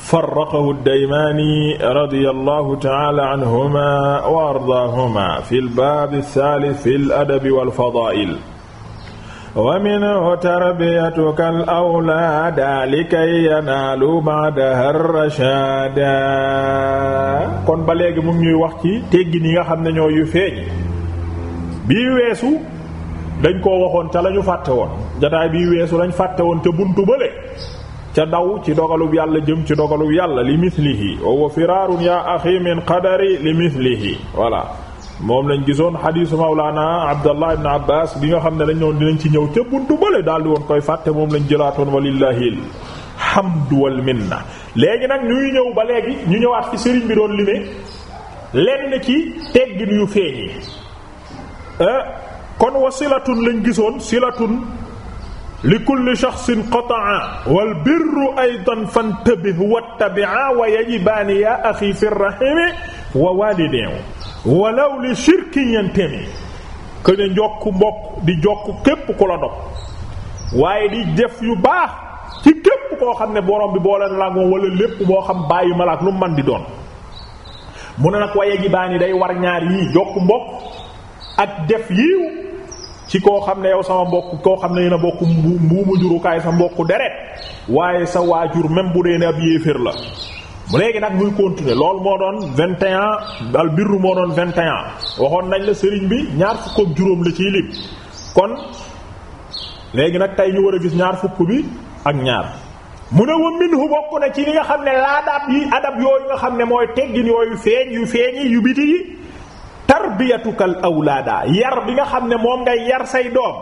farraqahu ad-Daymaani radiyallahu ta'ala anhuma wa ardaahuma fil baabi saalis fil adabi wal fadaa'il. wa minhu tarbiyatuka al-awlaada likay yanaalu ba'daha ar-rashaada. kon ba léegi mu ngi ñuy wax ci teggin yi nga xam ne ñoo yu feeñ bii weesu dañ koo waxoon ca la ñu fàtte woon jotaay bii weesu lañ fàtte woon buntu bële. ca daw ci dogalub yàlla jëm ci dogalub yàlla li mislihi wa huwa firaarun yaa axi min qadari li mislihi voilà moom lañ gisoon xadiisu mawlaana abdallah ibn bi nga xam ne dañ di dinañ ci ñëw ca buntu bële daal di woon koy fàtte moom lañ jëlaatoon walillahi alhamdu wal minna léegi nag ñuy ñëw ba léegi ñu ñëwaat ci sëriñ bi doon limee lenn ci teggin yu feeñi eh, kon wa silatun lañ gisoon silatun li kulli shaxsin qataa wal ay aydan fantabih wattabia wa yajibaani yaa axi fi rahimi wa waalidin walaw li shirkin yantami que ne njokk mbokk di jokk képp ku la dog waaye di def yu baax ci képp koo xam ne borom bi boo leen làngoon wala lépp boo xam bàyyi ma la lu man di doon mu ne nag wa yajibaani day war ñaar yii jokk mbokk ak def yiiw ci koo xam ne yow sama mbokk koo xam ne yéen na bokk mbuuma jurukaay sa mbokk deret waaye sa waajur même bu dee ne ab yéeféer la léegi nag muy continuer lool moo doon 21 al birru moo doon 21 waxoon nañ la sëriñ bi ñaar fukk ak juróom la ci lim kon léegi nag tey ñu war a gis ñaar fukk bi ak ñaar mu ne wa minhu bokk na ci li nga xam ne laadaab yi adab yooyu nga xam ne mooy teggin yooyu feeñ yu feeñ yu biti yi tarbiyatukal awlaada yar bi nga xam ne moom ngay yar say doom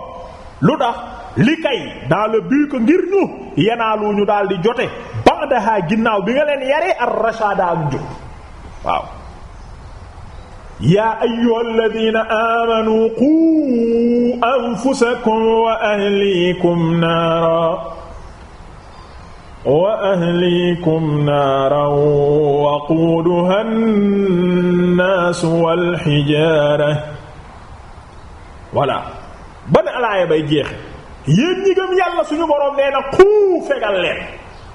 lu dax li kay dans le but que ngir ñu yanaalu ñu daal di jote ba'daha ginnaaw bi nga leen yaree ar rashada ak jub waaw yaa ayyuhal ladina wa ahlikum naara wa ahliikum naaran waquuduha nnaasu wal hijaara voilà ban alaaya bay jeexe yéen ñi gëm yàlla suñu boroom nee na xuu fegal leen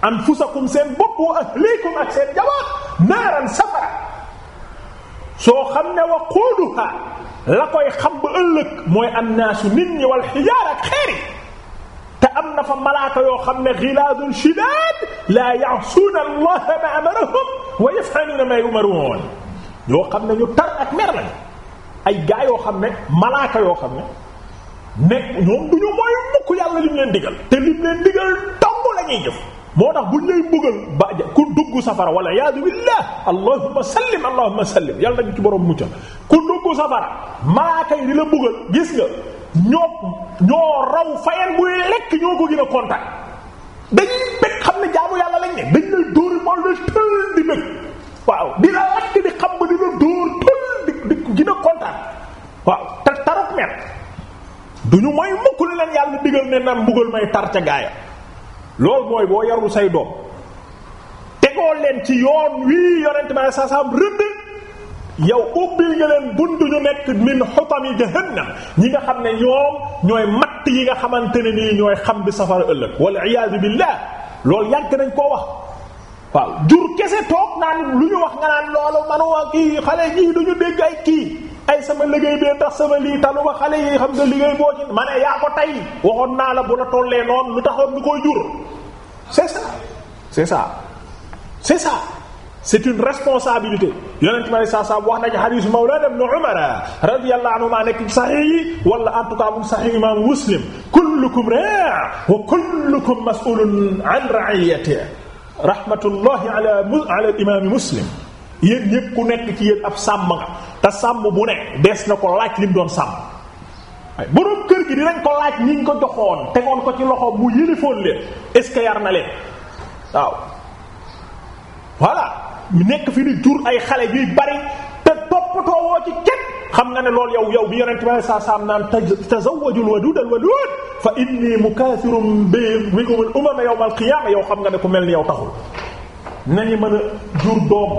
anfusakum seen bopp wa ahliikum ak seen jawaat naaran safara soo xam ne waquuduha la koy xam ba ëllëg mooy annaasu nit ñi wal hijaara ak xeeri te am na fa malaaka yoo xam ne gilaadun shidaad laa ya'suuna allaha ma amarahum wa yaf'aluuna ma yu'maruun yoo xam ne ñu tar ak mer lañ ay gaa yoo xam ne malaaka yoo xam ne nekk ñoom du ñu mooy mukk yàlla lim leen digal te lim leen digal la ñuy jëf moo na buñ lay bëggal ba ku dugg safara wala iyaadu billah allahumma sallim allahumma sallim yàlla nañu ci borom mucca ku dugg safara malaaka yi di la bëggal gis nga ñoo ñoo raw fayeen buy lekk ñoo ko gën a kontaan dañuy bëgg xam ne jaamu yàlla lañ ne dañ lay dóori bol la tël di bëgg waaw di la lakk di xam ba di la dóor tël di di gën a kontaan waaw te tarut met du ñu mooy mukk li leen yàlla digal ne nan mbugal may tar ca gaaya loolu mooy boo yarul say doom tegoo leen ci yoon wii yonent ma sa sam rëdd yow ubbil nga leen buntu ñu nekk min xutami jahannam ñi nga xam ne ñoom ñooy matt yi nga xamante ne nii ñooy xam bi safara ëllëg wal iyaadu billah loolu yàgg nañ koo wax waaw jur kese toog naan lu ñu wax nga naan loolu manuma kii xale yii duñu dégg ay kii ay sama liggéey bee tax sama lii taluma xale yi xam nga liggéey boo ci ma ne yaa ko tey waxoon naa la bu la tollee noonu lu taxoon ñu koy jur c'est ça c'est c'est une responsabilité yonent bi alei saa salaam wax nañu xadiisu mawlaana ibn Umar radiyallahu anhuma nekk saxiix yi wala en tout saxiix imam Muslim kullukum raa' wa kullukum mas'ulun an ra'iyyatihi rahmatullahi ala ala imam Muslim yéen ñépp ku nekk ci yéen ab sàmm nga te sàmm bu ne dees na ko laaj li mu doon sàmm boroom kër gi dinañ ko laaj niñ ko joxoon tegoon ko ci loxo mu yilifoon leen est-ce que leen waaw voilà nekk fi di jur ay xale yuy bari te toppatoo woo ci kenn xam nga ne loolu yow yow bi yonent bi saa saam naan tazawwajul wadud al wadud fa inni mukathirun bikum al umam yawm al qiyamah yow xam nga ne ku mel ni yow taxul nañu mën a jur doom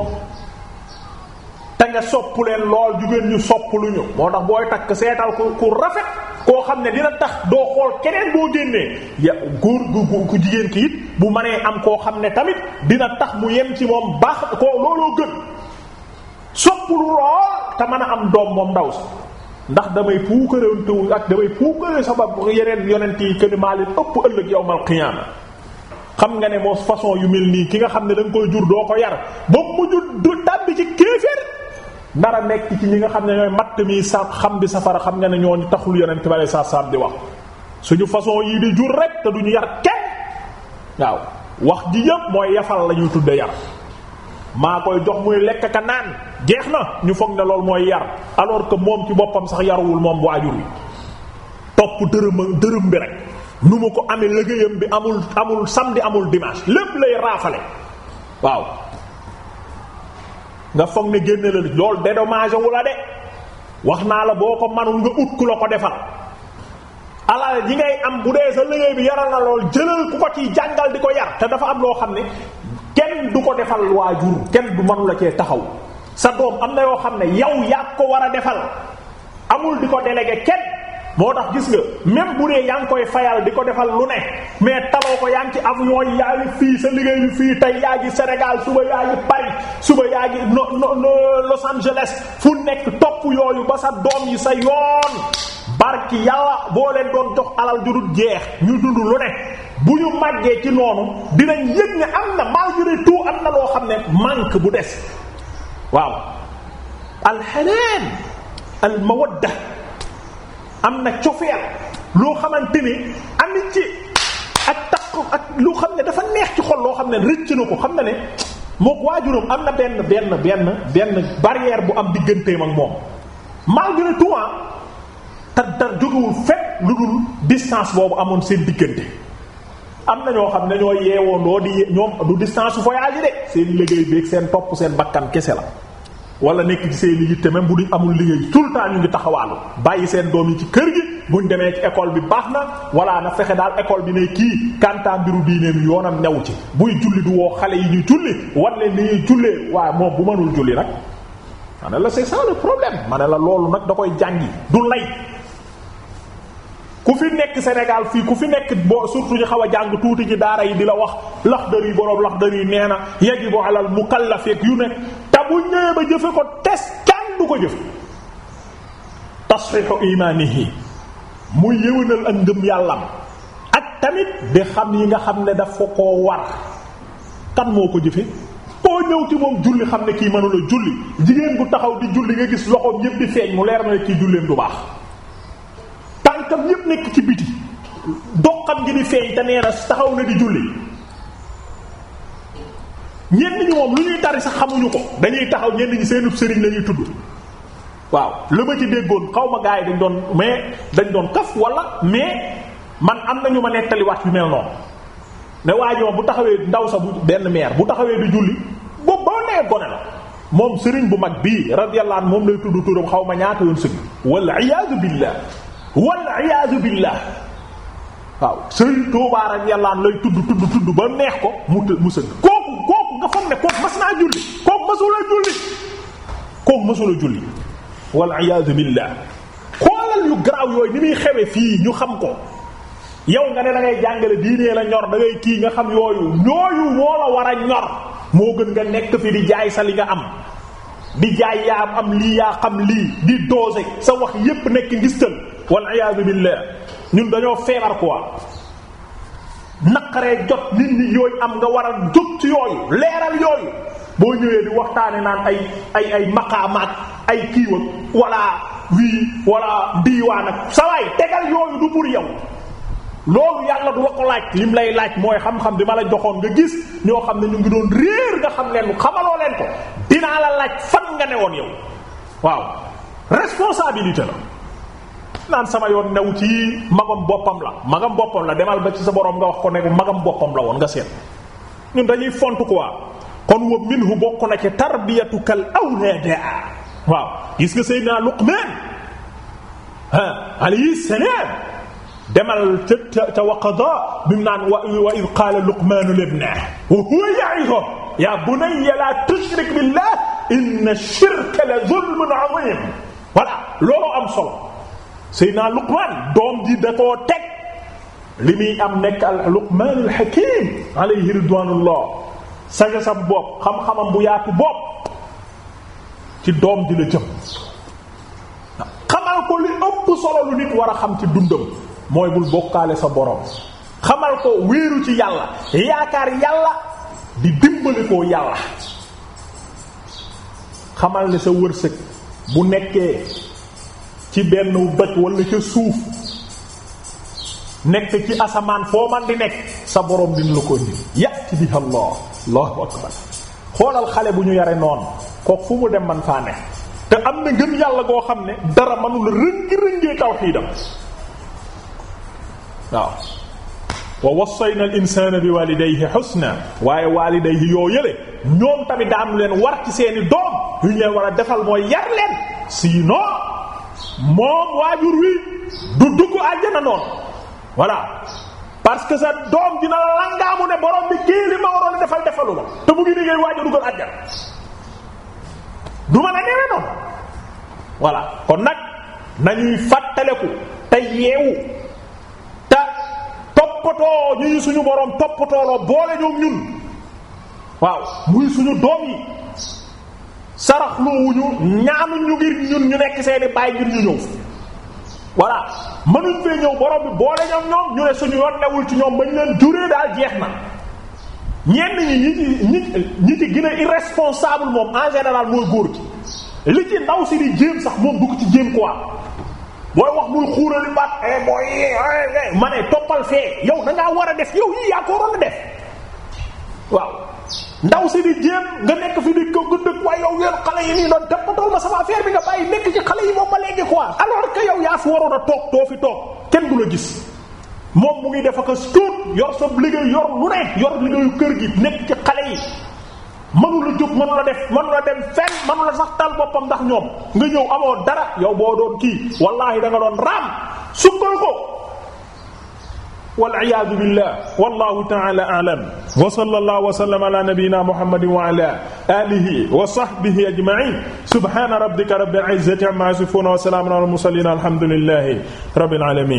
te nga sopp leen lool jigéen ñu sopp lu ñu moo tax booy takk seetal ku ku rafet koo xam ne dina tax doo xool keneen boo génnee ya góor gu ku jigéen ki it bu mënee am koo xam ne tamit dina tax mu yem ci moom baax ko looloo gën soppul lool te mën a am doom moom ndaw si ndax damay puukarantewul ak damay puukare sabab yeneen yonent yi que maa leen ëpp ëllëg yawmal qiyaama xam nga ne moo façon yu mel nii ki nga xam ne da nga koy jur doo ko yar ba mu jur du tàbbi ci kéeféer nar nekk ci ñi nga xam ne ñooy matt mi sa xam di safara xam nga ne ñoo taxul yonent bi sallallahu alayhi wasallam di wax suñu façon yii di jur waaw wax ji yëpp mooy yafal la ñuy tudde yar maa koy jox muy lekk ka naan jeex na ñu foog ne loolu mooy yar alors que moom ci boppam sax yaruwul moom waajur wi topp dërëm dërëm bi rek nu mu ko amee liggéeyam bi amul amul samedi amul dimanche lépp lay raafale waaw nga foog ne génne la loolu dédommage wu de wax naa la boo ko manul nga ut ku la ko defal alal ji ngay am bu dee sa liggéey bi yaral na lool jëlal ku ko ciy jàngal di ko yar te dafa am loo xam ne kenn du ko defal waajur kenn du mënu la cee taxaw sa doom am na yoo xam ne yow yaa ko war a defal amul di ko délégué kenn moo tax gis nga même bu dee yaa ngi koy fayal di ko defal lu ne mais taloo ko yaa ngi ci avion yaa ngi fii sa liggéey bi fii tay yaa ngi Sénégal suba yaa ngi Paris suba yaa ngi no no no Los Angeles fu nekk topp yooyu ba sa doom yi sa yoon barki yàlla boo leen doon jox alal ju jeex ñu dund lu ne bu ñu màggee ci noonu dinañ yëg ne am na malgré tout am na loo xam ne manque bu des waaw alxeneen almawadda am na cofeel loo xamante ni amitié ak takk ak loo xam ne dafa neex ci xol loo xam ne rëcc na ko xam na ne moo waajuram am na benn benn benn benn barrière bu am digganteem ak moom malgré tout ah, te dar jógewul fekk distance boobu amoon seen diggante am na ñoo xam ne ñoo yeewoondoo di ñoom du distance voyage de seen liggéey bi ak seen topp seen bakkan kese la wala nekk ci seen i yitte même bu duñ amul liggéey tout le temps ñu ngi taxawaalu bàyyi seen doom yi ci kër gi bu buñ demee ci école bi baax na wala na fexe daal école bi ne kii kantaa mbiru diineem yoonam new ci buy julli du woo xale yi ñu julli war leen ni ñuy jullee waaye moom bu mënul julli nag ma ne la c'est ça le problème ma ne la loolu nag da koy jàngi du lay ku fi nekk Sénégal fii ku fi nekk boo surtout ñu xaw a jàng tuuti ci daara yi di la wax Laxdari boroom Laxdari nee na yajibu alal mu mukallaf yu ne te bu ñëwee ba jëfe ko tes kenn du ko jëf tasxiixu imaanihi mu yëwénal ak ngëm yàllam ak tamit di xam yi nga xam ne dafa koo war kan moo ko jëfe koo ñëw ci moom julli xam ne kii mënula julli jigéen bu taxaw di julli nga gis loxoom yëpp di feeñ mu leer na kii julleen du baax tànkam yépp nekk ci biti doxam gi di feeñ te nee na taxaw na di julli ñenn ñi moom lu ñuy tari sax xamuñu ko dañuy taxaw ñenn ñi seenub sëriñ lañuy ñuy tudd waaw la ma ci déggoon xaw ma gars yi dañ doon mais dañ doon kaf wala mais man am nañu ma nettaliwaat yu mel noonu ne waa bu taxawee ndaw sa bu benn meer bu taxawee di julli boobu boo nee gone la moom sëriñ bu mag bii radiyallahu anhu moom lay tudd turam xaw ma ñaata yoon sëñ wal iyaadu billah wal iyaazu billah waaw Sëriñ Tuubaa radiyallahu lay tudd tudd tudd ba neex ko mu mu sëgg kooku kooku nga foog ne kooku mas naa julli kooku masula julli kooku masula julli iyaazu billah xoolal yu garaaw yooyu ni muy xewe fii ñu xam ko yow nga ne da ngay jàngale diine la ñor da ngay kii nga xam yooyu ñooyu moo la war a ñor moo gën nga nekk fi di sa li nga am di jaay yaa am lii yaa xam lii di doose sa wax yépp nekk ngistal wal iyaadu billah ñun dañoo feebar quoi naqaree jot nit ñi yooyu am nga waral a jóg ci yooyu leeral yooyu boo ñëwee di waxtaane naan ay ay ay maqaamaat ay kiiwag wala wii wala diiwaan ak sa waay tegal yooyu du pour yow loolu yàlla du ko laaj lim lay laaj mooy xam-xam bi ma la joxoon nga gis ñoo xam ne ñu ngi doon réer nga xam leen xamaloo leen ko dinaa la laaj fan nga newoon yow waaw responsabilité la naan sama yoon new ci magam boppam la magam boppam la demal ba ci sa boroom nga wax ko ne magam boppam la woon nga seet ñun dañuy font quoi kon wa minhu bokk na ci tarbiyatukal awlaada waaw gis nga Seydina Luqman ah alayhi salaam demal ca ca waqada bi mu naan wa id qaala luqmaanu libnahu wa huwa ya'izuhu yaa bunayya laa tushrik billah inna shirka la zulmun 'azim voilà looloo am solo Seydina Luqmaan doom ji da koo li muy am nekk al Luqmaanul Hakiim alayhi ridwaanullah saga sa bopp xam-xamam bu yaatu bopp ci doom ji la jëm xamal ko li ëpp solo lu nit war a xam ci dundam mooy bul bokkaale sa borom xamal ko wéeru ci yàlla yaakaar yàlla bi dimbali koo yàlla xamal ne sa wërsëg bu nekkee ci benn doj wala ca suuf nekk ci asamaan foo man di nekk sa borom dina la ko indi yàtti bi Allah Allahu akbar xoolal xale bu ñu yare noonu kook fu mu dem man faa ne te am na ngëm yàlla goo xam ne dara manul rëngi rëngee tawxiidam waaw wa wassayna al insana bi walidayhi husna waaye walidayhi yoo yële ñoom tamit daa am leen war ci seeni doom yu ñu leen war a defal mooy yar leen sinon moom waajur wi du dugg àjjana noonu voilà parce que sa doom dina langaamu ne borom bi kii li ma waroon defal defalu ma te mu ngi waajur duggal àjjana du ma la newe noonu voilà kon nag nañuy fàttaleku te yeewu toppatoo ñuy suñu borom toppatoo la boole ñoom ñun waaw muy suñu doom yi saraxloowuñu ñaanuñ ñu ngir ñun ñu nekk seeni bàyyi ngir ñu ñëw voilà mënuñ fee ñëw borom bi boole ñoom ñoom ñu ne suñu yoon ci ñoom bañ leen juree daal jeex na ñenn ñi ñi ci ñi ñi ci gën irresponsable moom en général mooy góor gi li ci ndaw si di jéem sax moom du ko ci jéem quoi booy wax muy xuurali baat eh booy eh, eh. ma toppal fee yow da war a def yow yii yaa ko waroon a def waaw ndaw si jéem nga nekk fi di ko dëkk waaye yow yéen xale yi nii doon toppatool ma sama affaire bi nga bàyyi nekk ci xale yi moom ba léegi quoi alors que yow yaa fi waroon a toog too fi toog kenn du la gis moom mu ngi def ak a yor sa liggéey yor lu ne yor liggéeyu kër gi nekk ci xale yi. mënu la jóg mënu la def mënu la dem fenn mënu la sax tal boppam ndax ñoom nga ñëw amoo dara yow boo doon kii wallaahi da nga doon raam sukkal ko waliyaadu billah wallahu taala alam wa sallallahu wa sallama ala nabiyyina muhammadin wa ala alihi wa sahbihi ajma'in subhana rabbika rabbil izzati amma yasifun wa salamun ala al mursalin alhamdulillahi rabbil alamin